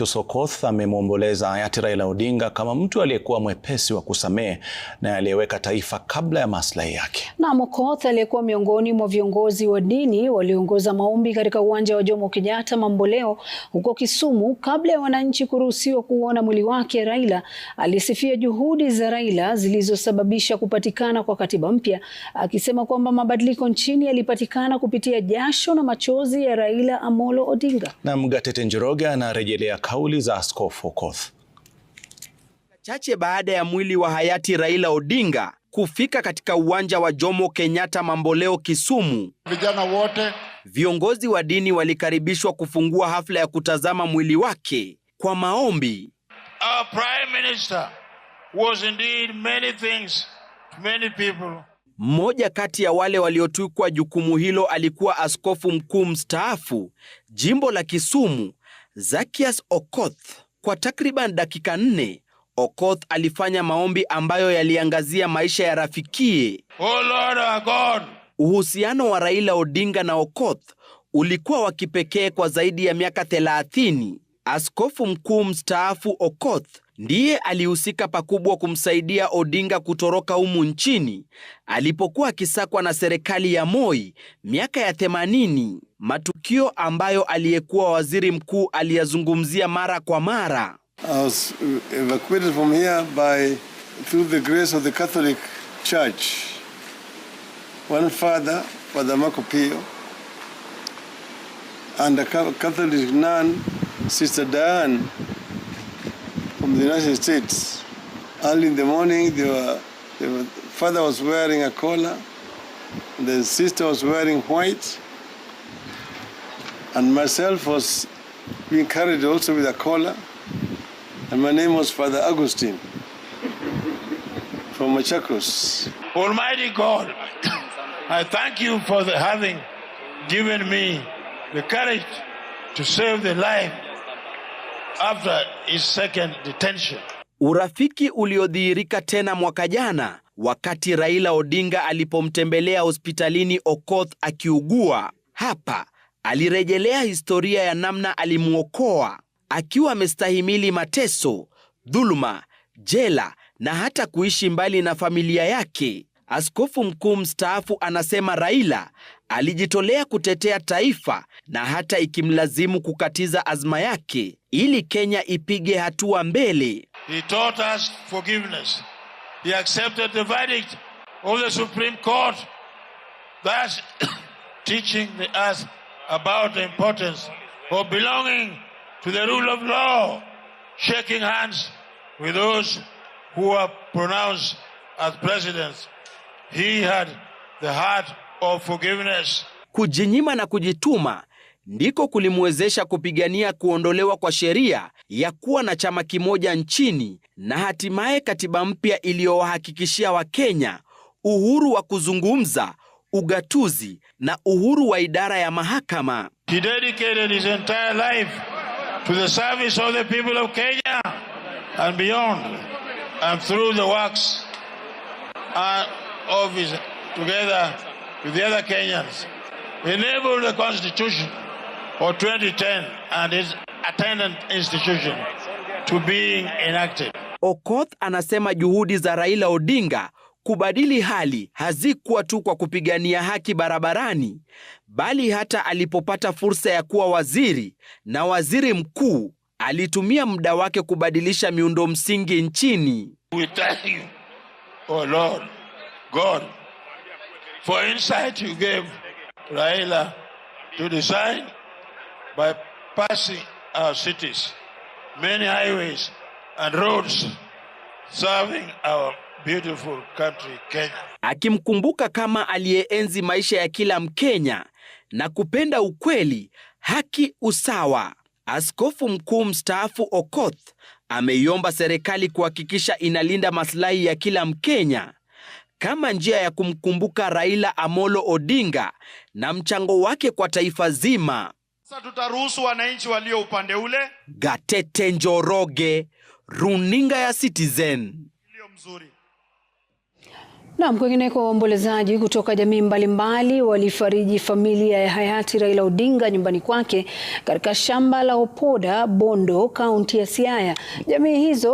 wake amemwomboleza hayati Raila Odinga kama mtu aliyekuwa mwepesi wa kusamehe na aliyeweka taifa kabla ya maslahi yake. Naam, Okoth aliyekuwa miongoni mwa viongozi wa dini walioongoza maombi katika uwanja wa Jomo Kenyatta Mamboleo huko Kisumu kabla ya wananchi kuruhusiwa kuona mwili wake Raila, alisifia juhudi za Raila zilizosababisha kupatikana kwa katiba mpya, akisema kwamba mabadiliko nchini yalipatikana kupitia jasho na machozi ya Raila Amolo Odinga. Na Mgatete Njoroge anarejelea kauli za Askofu Okoth. Chache baada ya mwili wa hayati Raila Odinga kufika katika uwanja wa Jomo Kenyatta Mamboleo Kisumu, vijana wote, viongozi wa dini walikaribishwa kufungua hafla ya kutazama mwili wake kwa maombi. Our prime minister was indeed many things to many people. Mmoja kati ya wale waliotukwa jukumu hilo alikuwa askofu mkuu mstaafu jimbo la Kisumu Zacchaeus Okoth. Kwa takriban dakika nne, Okoth alifanya maombi ambayo yaliangazia maisha ya rafikie. Oh Lord our God. Uhusiano wa Raila Odinga na Okoth ulikuwa wa kipekee kwa zaidi ya miaka 30. Askofu mkuu mstaafu Okoth ndiye alihusika pakubwa kumsaidia Odinga kutoroka humu nchini alipokuwa akisakwa na serikali ya Moi miaka ya 80, matukio ambayo aliyekuwa waziri mkuu aliyazungumzia mara kwa mara. nun Sister Diane from the United States. Early in the morning, they were, they were, father was wearing a collar, the sister was wearing white, and myself was being carried also with a collar, and my name was Father Augustine from Machakos. Almighty God, I thank you for the having given me the courage to save the life after his second detention. Urafiki uliodhihirika tena mwaka jana wakati Raila Odinga alipomtembelea hospitalini Okoth akiugua. Hapa alirejelea historia ya namna alimwokoa akiwa amestahimili mateso, dhuluma, jela na hata kuishi mbali na familia yake. Askofu mkuu mstaafu anasema Raila Alijitolea kutetea taifa na hata ikimlazimu kukatiza azma yake ili Kenya ipige hatua mbele. He taught us forgiveness. He accepted the verdict of the Supreme Court. teaching us about the importance of belonging to the rule of law, shaking hands with those who are pronounced as presidents. He had the heart of forgiveness. Kujinyima na kujituma ndiko kulimwezesha kupigania kuondolewa kwa sheria ya kuwa na chama kimoja nchini na hatimaye katiba mpya iliyowahakikishia Wakenya uhuru wa kuzungumza, ugatuzi na uhuru wa idara ya mahakama. He dedicated his entire life to the service of the people of Kenya and beyond and through the works uh, of his together with the other Kenyans enabled the constitution for 2010 and its attendant institution to being enacted. Okoth anasema juhudi za Raila Odinga kubadili hali hazikuwa tu kwa kupigania haki barabarani, bali hata alipopata fursa ya kuwa waziri na waziri mkuu alitumia muda wake kubadilisha miundo msingi nchini. We thank you, oh Lord, God for insight you gave Raila to design by passing our cities, many highways and roads serving our beautiful country Kenya. Akimkumbuka kama aliyeenzi maisha ya kila Mkenya na kupenda ukweli, haki, usawa, Askofu Mkuu mstaafu Okoth ameiomba serikali kuhakikisha inalinda maslahi ya kila Mkenya kama njia ya kumkumbuka Raila Amolo Odinga na mchango wake kwa taifa zima. Sasa tutaruhusu wananchi walio upande ule. Gatete Njoroge, runinga ya Citizen. Naam, kwengineko waombolezaji kutoka jamii mbalimbali walifariji familia ya hayati Raila Odinga nyumbani kwake katika shamba la Opoda Bondo, kaunti ya Siaya. Jamii hizo